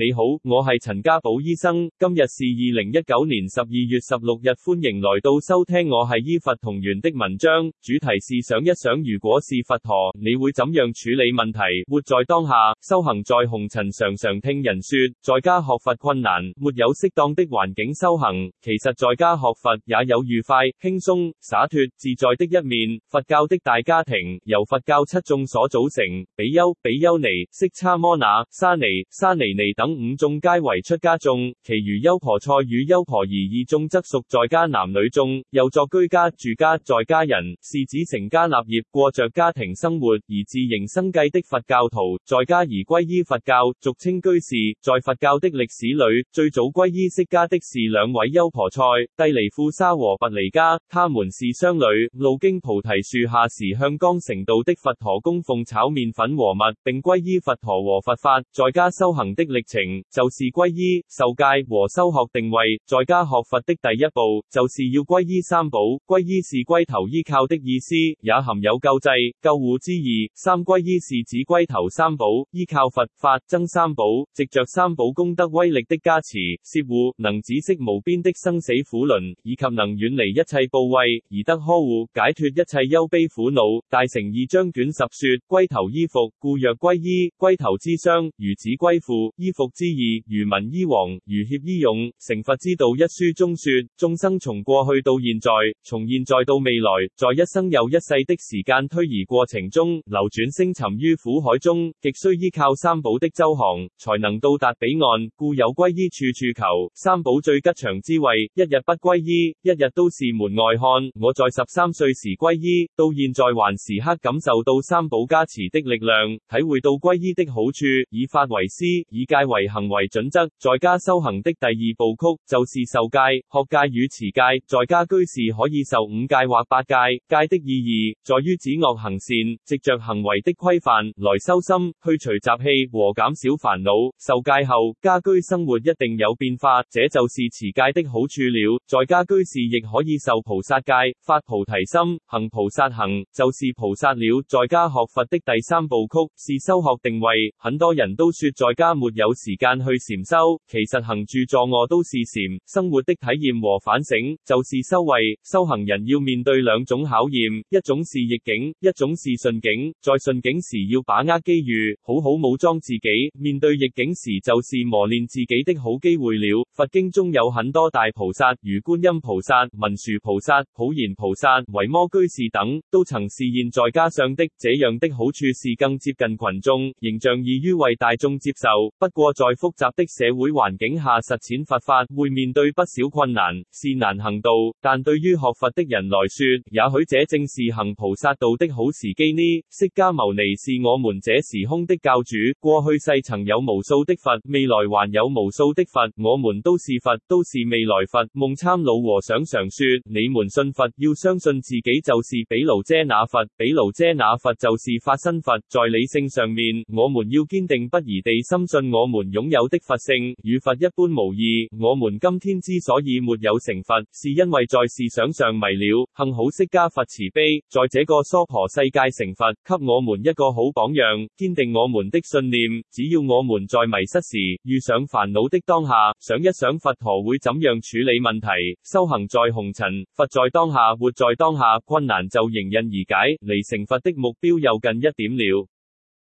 你好，我係陳家寶醫生。今日是二零一九年十二月十六日，歡迎來到收聽我係醫佛同源的文章。主題是想一想，如果是佛陀，你會怎樣處理問題？活在當下，修行在紅塵。常常聽人說，在家學佛困難，沒有適當的環境修行。其實，在家學佛也有愉快、輕鬆、灑脱、自在的一面。佛教的大家庭由佛教七眾所組成：比丘、比丘尼、式叉摩那、沙彌、沙彌尼等。五眾皆為出家眾，其餘優婆塞與優婆夷二眾則屬在家男女眾，又作居家住家在家人，是指成家立業過着家庭生活而自營生計的佛教徒。在家而歸依佛教，俗稱居士。在佛教的歷史裏，最早歸依釋迦的是兩位優婆塞，帝尼富沙和拔尼家。他們是商旅，路經菩提樹下時，向剛成道的佛陀供奉炒麵粉和物，並歸依佛陀和佛法，在家修行的歷程。就是皈依、受戒和修學定位，在家學佛的第一步，就是要皈依三寶。皈依是歸投依靠的意思，也含有救濟、救護之意。三皈依是指歸投三寶，依靠佛法，法僧三寶，藉着三寶功德威力的加持，攝護能止息無邊的生死苦輪，以及能遠離一切怖畏，而得呵護，解脱一切憂悲苦惱。大乘義章卷十說，歸投依伏，故若皈依，歸投之相，如子歸父。」福之意，如民依王，如怯依勇。成佛之道一書中說，眾生從過去到現在，從現在到未來，在一生又一世的時間推移過程中，流轉升沉於苦海中，極需依靠三寶的舟航，才能到達彼岸。故有皈依處處求，三寶最吉祥之位，一日不皈依，一日都是門外漢。我在十三歲時皈依，到現在還時刻感受到三寶加持的力量，體會到皈依的好處。以法為師，以戒。為行為準則，在家修行的第二部曲就是受戒，學戒與持戒。在家居士可以受五戒或八戒。戒的意義在於止惡行善，藉着行為的規範來修心，去除習氣和減少煩惱。受戒後，家居生活一定有變化，這就是持戒的好處了。在家居士亦可以受菩薩戒，發菩提心，行菩薩行，就是菩薩了。在家學佛的第三部曲是修學定位，很多人都說在家沒有。時間去禪修，其實行住坐臥都是禪。生活的體驗和反省就是修慧。修行人要面對兩種考驗，一種是逆境，一種是順境。在順境時，要把握機遇，好好武裝自己；面對逆境時，就是磨練自己的好機會了。佛經中有很多大菩薩，如觀音菩薩、文殊菩薩、普賢菩薩、維摩居士等，都曾示現在家上的。這樣的好處是更接近群眾，形象易於為大眾接受。不過，在複雜的社會環境下實踐佛法，會面對不少困難，是難行道。但對於學佛的人來說，也許這正是行菩薩道的好時機呢。釋迦牟尼是我們這時空的教主，過去世曾有無數的佛，未來還有無數的佛，我們都是佛，都是未來佛。夢參老和尚常說：你們信佛，要相信自己就是毗盧遮那佛，毗盧遮那佛就是法身佛。在理性上面，我們要堅定不移地深信我們。我們擁有的佛性與佛一般無異。我們今天之所以沒有成佛，是因為在思想上迷了。幸好釋迦佛慈悲，在這個娑婆世界成佛，給我們一個好榜樣，堅定我們的信念。只要我們在迷失時、遇上煩惱的當下，想一想佛陀會怎樣處理問題，修行在紅塵，佛在當下，活在當下，困難就迎刃而解，離成佛的目標又近一點了。